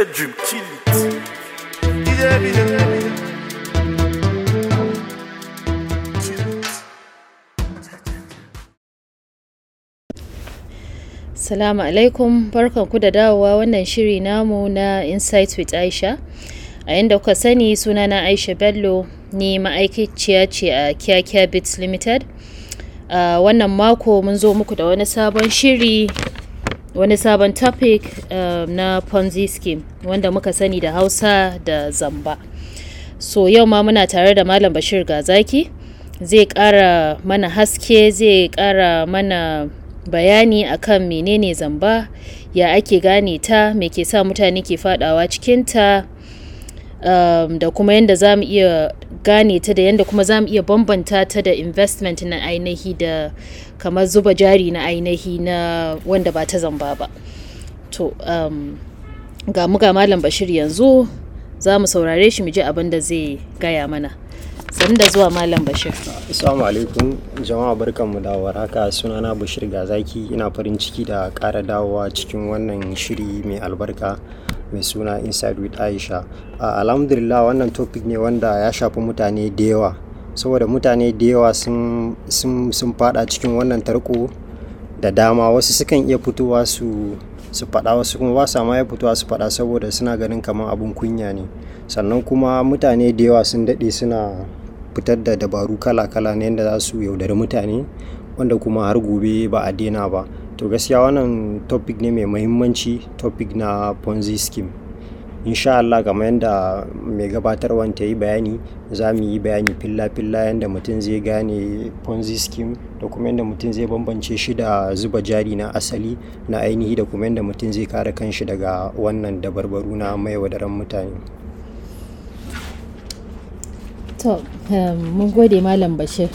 Salamu du petit Salamu alaikum barkanku da dawowa wannan shiri namu na Insight with Aisha. A yadda kuka sani sunana Aisha Bello ni ma'aikaciya ce a Kyakya Bits Limited. Uh, wannan mako mun zo muku da wani sabon shiri wani sabon topic um, na ponzi scheme wanda muka sani da hausa da zamba so yau ma muna tare da malam bashir gazaki zai ƙara mana haske zai ƙara mana bayani akan menene zamba ya ake gane ta me ke sa mutane ke fadawa cikinta um, da kuma yadda za mu iya gane ta da yadda kuma za mu iya bambanta ta da investment na ainihi da kamar zuba jari na ainihi na wanda ba ta zamba ba to um, ga muga malam bashir yanzu za mu saurare shi mu ji abin da zai gaya mana sannu da zuwa malam bashir assalamu alaikum jama'a mu da warhaka sunana bashir ga zaki ina farin ciki da ƙara dawowa cikin wannan shiri mai albarka mai suna Inside with Aisha. Uh, alhamdulillah wannan topic ne wanda ya shafi mutane da yawa saboda mutane da yawa sun fada cikin wannan tarko da dama wasu sukan iya fitowa su su fada wasu kuma ba sa ma ya fitowa su faɗa saboda suna ganin kamar abun kunya ne sannan kuma mutane da yawa sun daɗe suna fitar da dabaru kala-kala na yadda za su yaudari mutane wanda kuma har gobe ba a daina ba to gaskiya wannan topic ne mai mahimmanci topic na ponzi scheme insha Allah kamar yadda mai gabatarwan ta yi bayani za mu yi bayani filla-filla yadda mutum zai gane ponzi scheme da kuma yadda mutum zai bambance shi da zuba jari na asali na ainihi da kuma yadda mutum zai kare kanshi daga wannan dabarbaru na mai wadaran mutane to um, mun gode malam bashir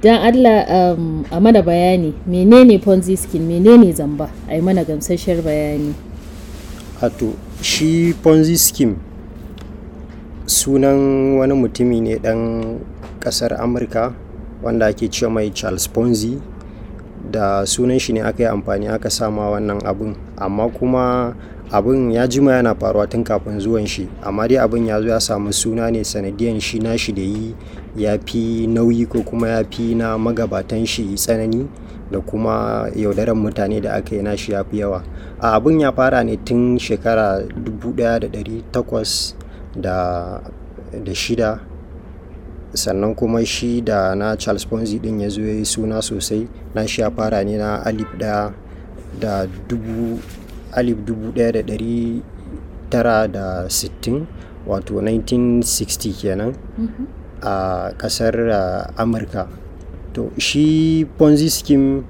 don Allah um, a mana bayani menene ponzi scheme menene zamba a yi mana gamsasshen bayani to shi ponzi scheme sunan wani mutumi ne dan kasar amurka wanda ake cewa mai charles ponzi da sunan shi ne aka yi amfani aka sama wannan abin amma kuma abin ya jima yana faruwa tun kafin zuwan shi amma dai abin ya zo ya samu suna ne sanadiyan shi nashi da yi ya fi nauyi ko kuma ya fi na magabatan shi tsanani da kuma yaudaran mutane da aka yi nashi ya fi yawa a abin ya fara ne tun shekara 1806 sannan kuma shi da na charles ponzi din ya zo ya yi suna sosai na shi ya fara ne na alif da dubu 1960 wato 1960 kenan mhm. a kasar amurka to shi ponzi scheme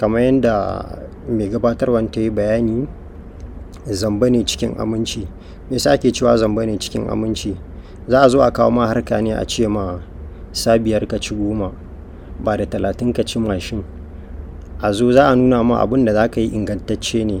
kamar yadda mai gabatarwan ta yi bayani zamba ne cikin aminci me ake cewa zamba ne cikin aminci za a zo a kawo ma harka ne a ce ma sabiyar ka ci goma ba da talatin ka ci mashin a zo za a nuna ma abin da za ka yi ingantacce ne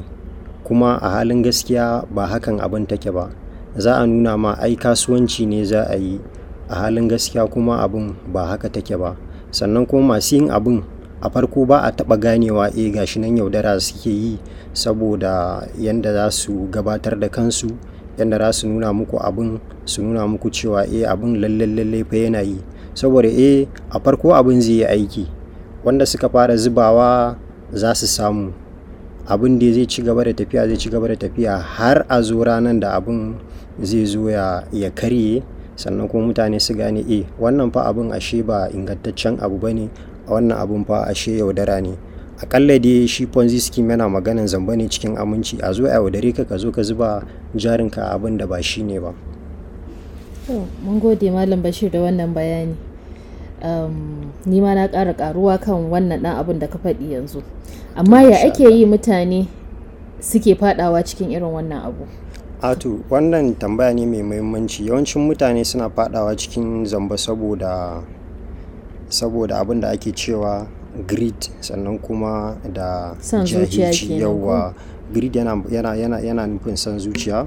kuma a halin gaskiya ba hakan abin take ba za a nuna ma ai kasuwanci ne za a yi a halin gaskiya kuma abin ba haka take ba sannan kuma masu yin abin a farko ba a taɓa ganewa e shi nan yaudara suke yi saboda yadda za su gabatar da kansu yadda za su nuna muku abin su nuna muku cewa e abin lalle fa yana yi saboda e a farko abin zai yi aiki wanda suka fara zubawa za su samu abin da zai ci gaba da tafiya zai ci gaba da tafiya har a zo ranar da abin zai zo ya karye sannan kuma mutane su gane e wannan fa abin ashe ba ingantaccen abu ba ne wannan abin fa ashe yaudara ne akalla dai shi ponzi scheme yana maganan zamba ne cikin aminci a zo a yaudare ka ka zo ka zuba jarinka abin da ba shi ne ba mun gode malam bashir da wannan bayani nima na ƙara ƙaruwa kan wannan dan abin da ka faɗi yanzu amma ya ake yi mutane suke faɗawa cikin irin wannan abu atu wannan tambaya ne mai muhimmanci yawancin mutane suna faɗawa cikin zamba saboda saboda abin da ake cewa grid sannan kuma da jahilci yawa grid yana, yana nufin son zuciya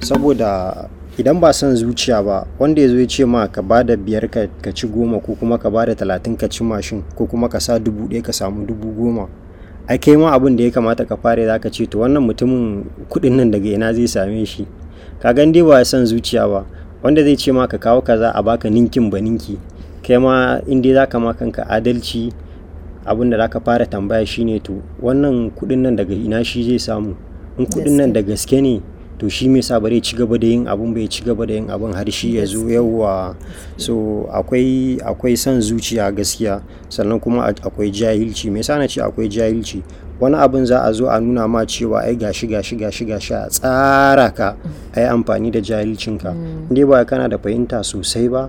saboda idan ba son zuciya ba wanda ya zo ya ce ma ka ba da biyar ka ci goma ko kuma ka ba da talatin ka ci mashin ko kuma ka sa dubu ɗaya ka samu dubu goma ai kai ma abin da ya kamata ka fara za ka ce to wannan mutumin kuɗin nan daga ina zai same shi ka gan dai ba son zuciya ba wanda zai ce ma ka kawo kaza a baka ninkin ba ninki kai ma in dai za ka ma kanka adalci abin da za ka fara tambaya shine to wannan kuɗin nan daga ina shi zai samu in kuɗin nan da gaske ne to shi mai sa bare ci gaba da yin abun bai ci gaba da yin abun har shi ya zo yawa so akwai son zuciya gaskiya sannan kuma akwai jahilci mai sa na ce akwai jahilci wani abun za a zo a nuna ma cewa ai gashi gashi gashi gashi a tsara ka ai amfani da jahilcinka mm. dai ba kana da fahimta sosai ba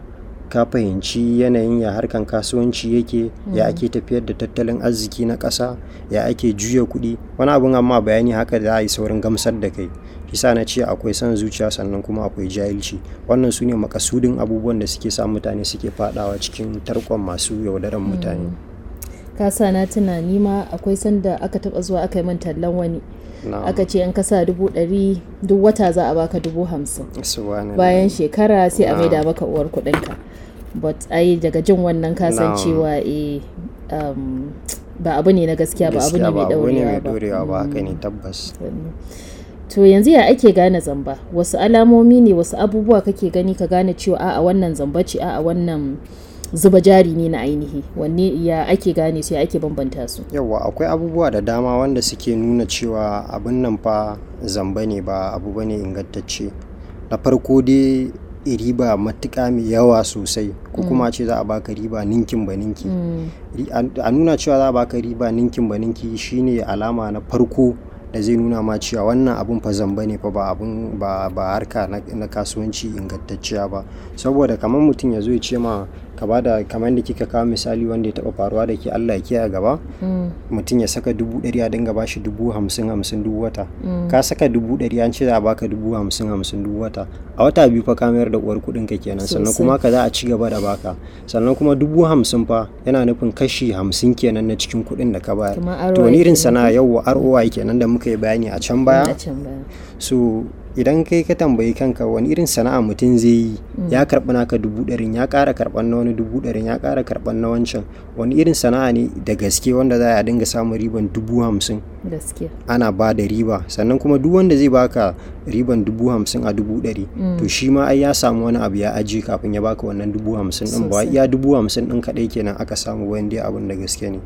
ka fahimci yanayin ya harkan kasuwanci yake mm. ya ake tafiyar da tattalin arziki na ƙasa ya ake juya kuɗi wani abin amma bayani haka za a yi saurin gamsar da kai isa na ce akwai son zuciya sannan kuma akwai jahilci wannan su ne makasudin abubuwan da suke sa mutane suke fadawa cikin tarkon masu yaudaran mutane hmm. kasa na tunani ma akwai sanda aka taba zuwa aka yi mantallan tallan wani aka ce an kasa dubu ɗari duk wata za a baka dubu hamsin bayan shekara sai a maida maka uwar kuɗinka but ai daga jin wannan kasancewa eh um, ba abu ne na gaskiya ba abu ne mai daurewa ba haka ne hmm. tabbas To yanzu ya ake gane zamba? Wasu alamomi ne wasu abubuwa kake gani ka gane cewa a'a wannan zamba ce a'a wannan zuba jari ne na ainihi wanne ya ake gane su ake bambanta su yawa akwai abubuwa da dama wanda suke nuna cewa abin nan fa zamba ne ba abu bane ingantacce na farko dai riba matuƙa mai yawa sosai ko mm. kuma ce za a baka riba ninkin ba ninki mm. a nuna cewa za a baka riba ninkin ba ninki shine alama na farko da zai nuna ma cewa wannan abun fa zamba ne fa ba abun ba harka na kasuwanci ingantacciya ba saboda kamar mutum ya zo ya ce ma ka da kamar da kika kawo misali wanda ya taba faruwa da ke Allah ya kiyaye gaba mm. mutum ya saka dubu ɗari a dinga bashi dubu hamsin hamsin dubu wata mm. ka saka dubu ɗari an ce za a baka dubu hamsin hamsin dubu wata a wata biyu fa ka mayar da uwar kuɗin ka kenan sannan kuma ka za a ci gaba da baka sannan kuma dubu hamsin fa yana nufin kashi hamsin kenan na cikin kuɗin da ka bayar to ni irin sana'a yau wa ROI kenan da muka yi bayani a can baya so idan kai ka tambayi kanka wani irin sana'a mutum zai yi ya mm. karɓi naka dubu ɗarin ya ƙara karɓan na wani dubu ɗarin ya ƙara karɓan na wancan wani irin sana'a ne da gaske wanda za a dinga samun riban dubu hamsin ana ba da riba sannan kuma duk wanda zai baka riban dubu hamsin a dubu ɗari mm. to shi ma ai ya samu wani abu ya aji kafin ya baka wannan dubu hamsin ɗin ba iya dubu hamsin ɗin kaɗai kenan aka samu wani dai abun da gaske ne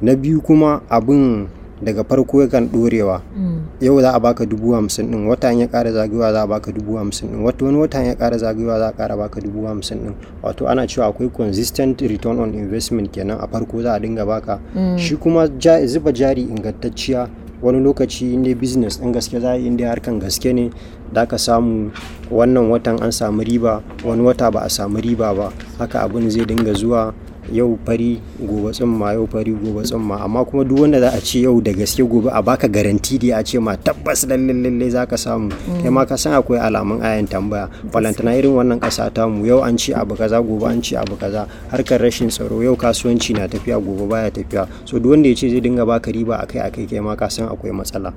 na biyu kuma abin daga farko yakan ɗorewa mm. yau za a baka dubu hamsin ɗin watan ya ƙara zagayowa za a baka dubu hamsin ɗin wata wani watan ya ƙara zagayowa za a ƙara baka dubu hamsin ɗin wato ana cewa akwai consistent return on investment kenan a farko za a dinga baka mm. shi kuma zuba jari ingantacciya wani lokaci inda business ɗin gaske za a yi inda harkan gaske ne da ka samu wannan watan an samu riba wani wata ba a samu riba ba haka abin zai dinga zuwa yau fari gobe tsumma yau fari gobe tsumma amma kuma duk wanda za a ce yau da gaske gobe a baka garanti da a ce ma tabbas lallin lallai za ka samu kai ma ka san akwai alamun ayan tambaya falanta na irin wannan kasa ta mu yau an ce abu kaza gobe an ce abu kaza harkar rashin tsaro yau kasuwanci na tafiya gobe baya tafiya so duk wanda ya ce zai dinga baka riba akai akai kai ma ka san akwai matsala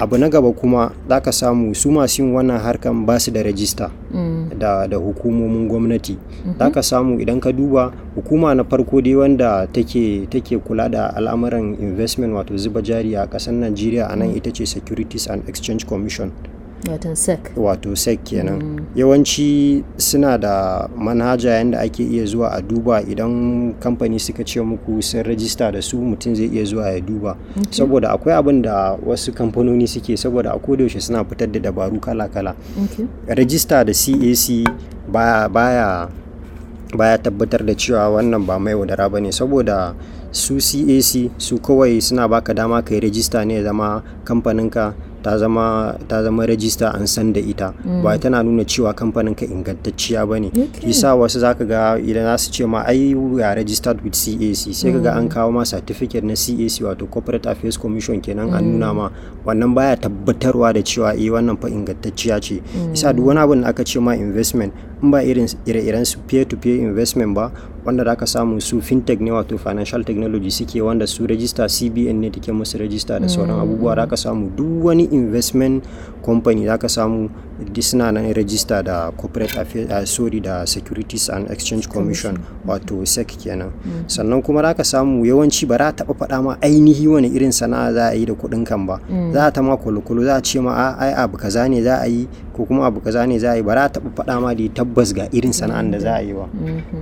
abu na gaba kuma za ka samu su masu yin wannan harkan ba su da rajista mm. da, da hukumomin gwamnati mhm. za ka samu idan ka duba hukuma na farko dai wanda take, take kula da al'amuran investment wato zuba jari a ƙasar nigeria a nan ita ce securities and exchange commission wato sec kenan mm. yawanci suna da manhaja yadda ake iya zuwa a duba idan kamfani suka ce muku sun rajista da su mutum zai iya zuwa ya duba okay. saboda akwai abin da wasu kamfanoni suke saboda a kodayaushe suna fitar da dabaru kala-kala okay. rajista da cac baya, baya baya tabbatar da cewa wannan ba mai wadara ba ne saboda su cac su kawai suna baka dama ka yi rajista ne zama kamfaninka ta zama ta zama rajista an san da ita mm. ba tana nuna cewa kamfanin ka ingantacciya ba ne isa wasu zaka ga idan za su ce ma ai ya registered with CAC sai ka ga an mm. kawo ma certificate na CAC wato corporate affairs commission kenan an nuna mm. ma wannan baya tabbatarwa da cewa eh wannan fa ingantacciya ce isa duk wani abin da aka ce ma investment in ba irin ire-iren su peer to peer investment ba wanda da aka samu su fintech ne wato financial technology suke wanda su rajista cbn ne take musu rajista da sauran hmm. abubuwa da aka samu duk wani investment company da aka samu suna na rajista da corporate affairs eh, sorry da securities and exchange commission wato sec kenan hmm. sannan kuma da aka samu yawanci ba za taɓa faɗa ma ainihi wani irin sana'a za a yi da kuɗin kan ba hmm. za ta ma kulukulu za a ce ma ai abu kaza ne za a yi ko kuma abu kaza ne za a yi ba za taɓa faɗa ma da tabbas ga irin sana'an da za a yi ba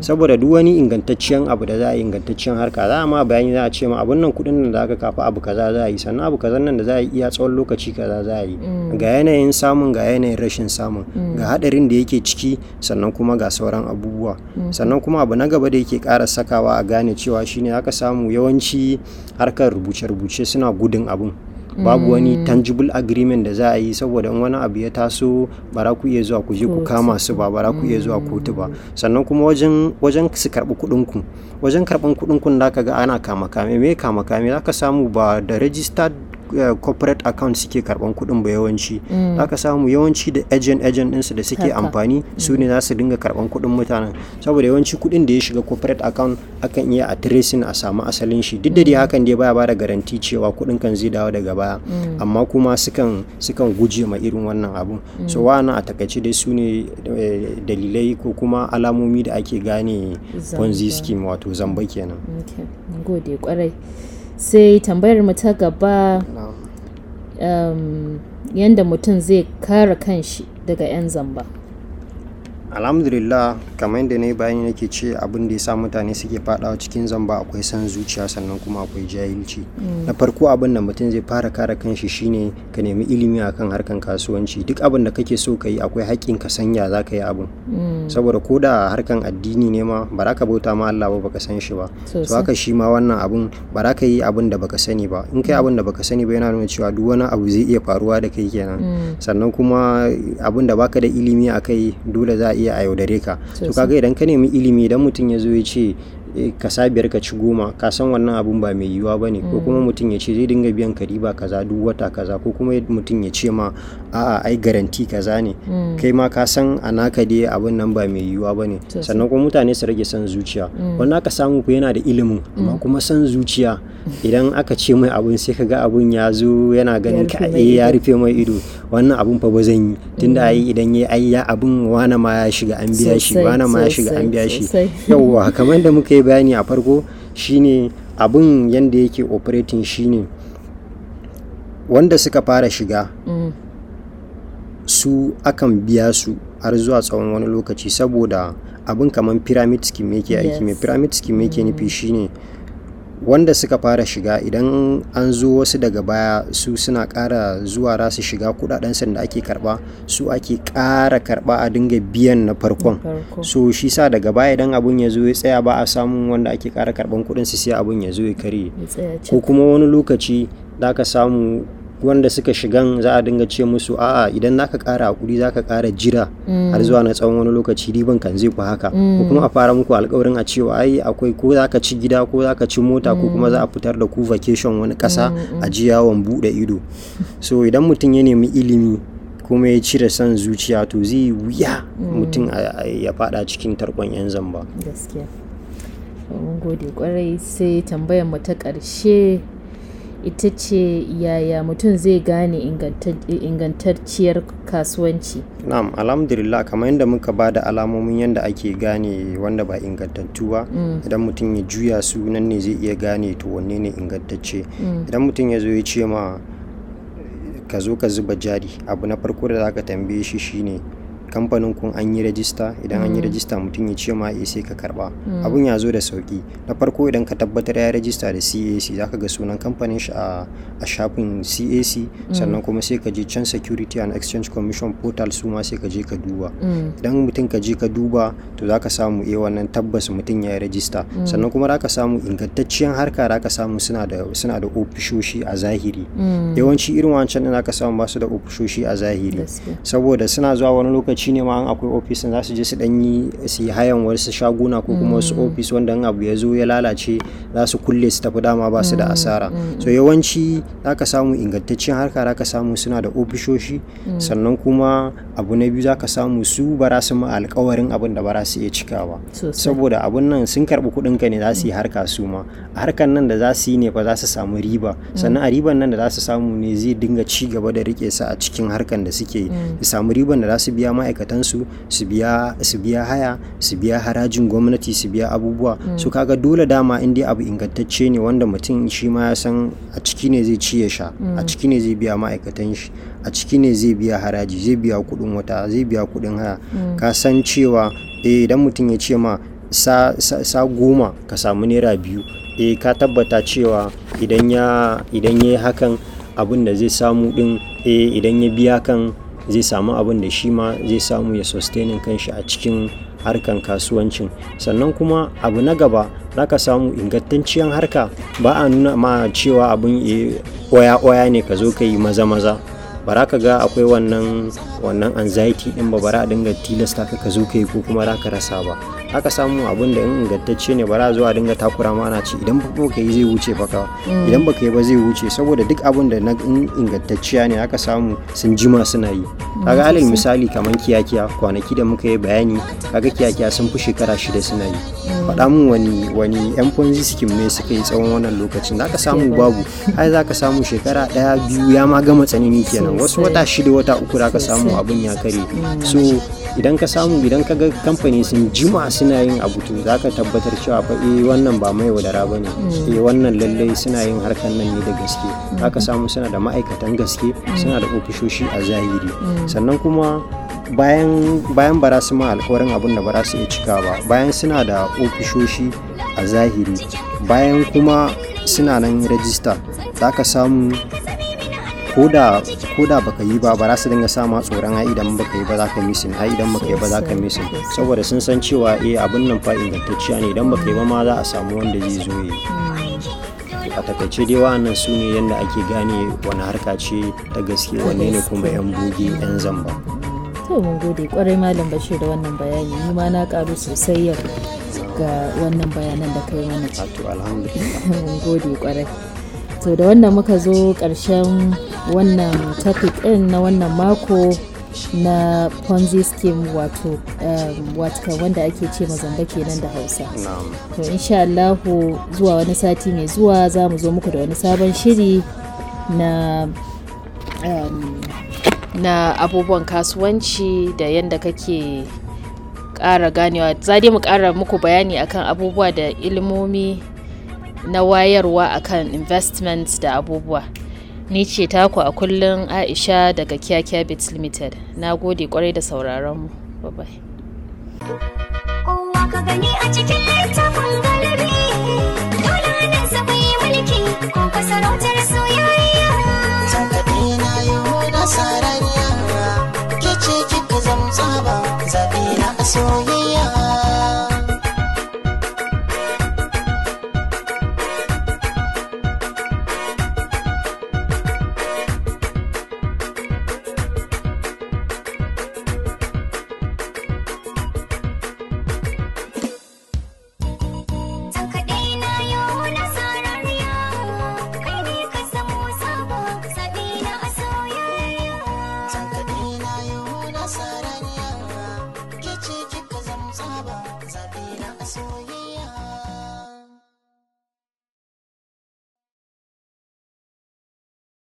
saboda duk wani ingantacciyar abu da za a yi ingantaccen harka za a ma bayani za a ce ma abun nan kuɗin nan da aka kafa abu kaza za a yi sannan abu kaza nan da za a yi iya tsawon lokaci kaza za a yi mm. ga yanayin samun ga yanayin rashin samun mm. ga haɗarin da yake ciki sannan kuma ga sauran abubuwa mm. sannan kuma abu na gaba da yake kara sakawa a gane cewa shine aka samu yawanci harkar rubuce-rubuce suna gudun abun babu wani mm. tangible agreement da za a yi saboda in wani abu ya taso ba za ku iya zuwa ku je ku kama su ba ba za ku iya zuwa mm. kotu ba sannan kuma wajen wajen su karbi kuɗin ku wajen karban kuɗin ku da ka ga ana kama kame me kama kame za ka samu ba da registered Eh, corporate account suke karban kuɗin ba yawanci mm. aka samu yawanci da agent agent ɗinsu da suke amfani su ne mm. za su dinga karban kuɗin mutanen saboda yawanci kuɗin da ya shiga corporate account akan iya a tracing a samu asalin shi duk da dai mm. hakan dai baya bada garanti cewa kuɗin kan zai dawo daga baya amma kuma sukan sukan guje ma irin wannan abun so wa'ana a takaice dai su ne eh, dalilai ko kuma alamomi da ake gane ponzi scheme wato zamba kenan gode kwarai sai tambayar mu ta gaba um, yadda mutum zai kare kanshi daga 'yan zamba alhamdulillah kamar yadda na yi bayani nake ce abin da ya sa mutane suke fadawa cikin zamba akwai san zuciya sannan kuma akwai jahilci mm. na farko abin da mutum zai fara kare kanshi shine ka nemi ilimi akan harkan kasuwanci duk abin da kake so ka yi akwai haƙƙin ka sanya za ka yi abin mm. saboda ko da harkan addini ne ma ba za ka bauta ma Allah ba baka san shi ba to haka shi ma wannan abin ba za ka yi abin da baka sani ba in kai mm. abin da baka sani ba yana nuna cewa duk wani abu zai iya faruwa da kai kenan sannan kuma abin da baka da ilimi akai dole za a iya iya a yaudare ka to kaga idan ka nemi ilimi idan mutum ya zo ya ce eh, ka sa biyar ka ci goma ka san wannan abun ba mai yiwuwa ba ne ko kuma mm. mutum ya ce zai dinga biyan ka riba kaza duk wata kaza ko kuma mutum ya ce ma a'a ai garanti kaza ne mm. kai ma ka san a naka dai abun nan ba mai yiwuwa ba ne sannan kuma mutane su rage san zuciya mm. wannan ka samu ku yana da ilimin amma kuma san zuciya idan aka ce mai abun sai ka ga abun ya zo yana ganin ka ya rufe eh, mai ido wannan abun fa ba zan yi tunda mm. ayi idan yayi ai ya abun wani ma ya shiga an biya shi wani ma ya shiga an biya shi yawwa kamar da muka yi bayani a farko shine abun yanda yake operating shine wanda suka fara shiga mm. su akan biya su har zuwa tsawon wani lokaci saboda abin kamar pyramid scheme yake aiki mai pyramid scheme yake nufi mm. shine wanda suka fara shiga idan an zo wasu daga baya su suna ƙara zuwa rasu shiga kudaden da ake karba su ake ƙara karba a dinga biyan na farkon so shi sa daga baya idan abun ya zo ya tsaya ba a samun wanda ake kara karban kudin su sai abun ya zo ya kare ko kuma wani lokaci da ka samu wanda suka shigan za a dinga ce musu a'a idan naka kara hakuri zaka kara jira har mm. zuwa na tsawon wani lokaci riban kan zai ku haka ko mm. kuma a fara muku alƙawarin a cewa ai akwai ko zaka ci gida ko zaka ci mota ko kuma za a mm. fitar da ku vacation wani kasa a ji yawon bude ido so idan mutum ya nemi ilimi kuma ya cire son zuciya to zai wuya mutum ya fada cikin tarkon yan zamba gaskiya mun gode kwarai sai tambayar mu ta ƙarshe ita ce yaya mutum zai gane ingantacciyar kasuwanci na'am alhamdulillah kamar yadda muka ba da alamomin yadda ake gane wanda ba ingantattu ba mm. idan mutum ya juya su nan ne zai iya gane to wanne ne ingantacce mm. idan mutum ya zo ya ce ma ka zo ka zuba jari abu na farko da za ka tambaye shi shine kamfanin kun an yi rajista idan an yi mm. rajista mutum ya ce ma a eh, sai ka karba mm. abun ya zo da sauki na farko idan ka tabbatar ya rajista da CAC za ka ga sunan kamfanin shi a shafin CAC mm. sannan kuma sai ka je can Security and Exchange Commission portal su ma sai ka je ka duba idan mutum ka je ka duba to za zaka samu a eh, wannan tabbas mutum ya rajista sannan kuma za ka samu ingantacciyar harka ka samu suna da suna da ofishoshi a zahiri yawanci irin wancan za ka samu ba su da ofishoshi a zahiri saboda suna zuwa wani lokaci ne ma an akwai ofis za su je su dan yi su yi hayan wasu shaguna ko kuma wasu mm. ofis wanda in abu ya zo ya lalace za su kulle su tafi dama ba su da mm, asara mm. so yawanci za ka samu ingantaccen harka za ka samu suna da ofishoshi sannan kuma abu na biyu za ka samu su bara su ma alkawarin abin da barasu ya su iya cikawa saboda abun nan sun karbi kuɗin ka ne za su yi harka su ma a harkan nan da za su yi ne fa za su samu riba sannan a riban nan da za su samu ne zai dinga ci gaba da rike su a cikin harkan da suke yi su samu riban da za su biya ma ma'aikatansu su biya haya su biya harajin gwamnati su biya abubuwa mm. su kaga dole dama in dai abu ingantacce ne wanda mutum shi ma ya san a ciki ne zai ci ya sha a mm. ciki ne zai biya ma'aikatan shi a ciki ne zai biya haraji zai biya kudin wata zai biya kudin haya mm. ka san cewa eh idan mutum ya ce ma sa, sa goma ka samu naira biyu e ka tabbata cewa idan ya idan ya yi hakan abin da zai samu din eh, idan ya biya kan zai samu abin da shi ma zai samu ya sustainin kanshi a cikin harkan kasuwancin sannan kuma abu na gaba za ka samu ingantacciyar harka ba a nuna ma cewa abin eh, oya-oya ne ka zo ka yi maza-maza bara ka ga akwai wannan wannan anxiety din ba bara dinga tilasta ka ka zo kai ko kuma ra ka rasa ba aka samu abin da in ingantacce ne bara zuwa dinga takura ma ana ci idan ba ka yi zai wuce mm. ba ka idan ba yi ba zai wuce saboda duk abin da na ingantacciya ne aka samu sun jima suna yi mm. kaga alal misali kamar kiyakiya kwanaki da muka yi bayani kaga kiyakiya sun fi shekara shida suna yi mm. faɗa mun wani wani yan ponzi scheme ne suka yi tsawon wannan lokacin aka samu babu ai zaka samu shekara ɗaya biyu ya ma gama tsanani kenan wasu wata shida wata uku da ka samu abin ya kare so idan ka samu idan ka ga kamfani sun jima suna yin abu to za ka tabbatar cewa fa eh wannan ba mai wadara ba ne eh wannan lallai suna yin harkan nan ne da gaske za ka samu suna da ma'aikatan gaske suna da ofishoshi a zahiri sannan kuma bayan bayan ba su ma alkawarin abin da ba su iya cika ba bayan suna da ofishoshi a zahiri bayan kuma suna nan rajista za ka samu ko da baka yi ba ba za su dinga sama tsoron ai idan baka yi ba za ka misin ai idan baka yi ba za ka misin saboda sun san cewa eh abin nan fa ingantacciya ne idan baka yi ba ma za a samu wanda zai zo yi a takaice dai wa'annan su ne yadda ake gane wani harka ce ta gaske wanne ne kuma yan buge yan zamba to mun gode kwarai malam bashir da wannan bayani ni ma na karu sosai yau ga wannan bayanan da kai mana to alhamdulillah mun gode kwarai to da wannan muka zo ƙarshen wannan topic ɗin na wannan mako na ponzi scheme wato um, watka wanda ake ce mazamba kenan da hausa to insha Allahu zuwa wani sati mai zuwa za mu zo muku da wani sabon shiri na um, na abubuwan kasuwanci da yadda kake ƙara ganewa za mu ƙara muku bayani akan abubuwa da ilimomi na wayarwa akan investment da abubuwa. Ni ce taku a kullun Aisha daga Kiakea Bits Limited. Na gode kwarai da sauraron mu. Bye bye.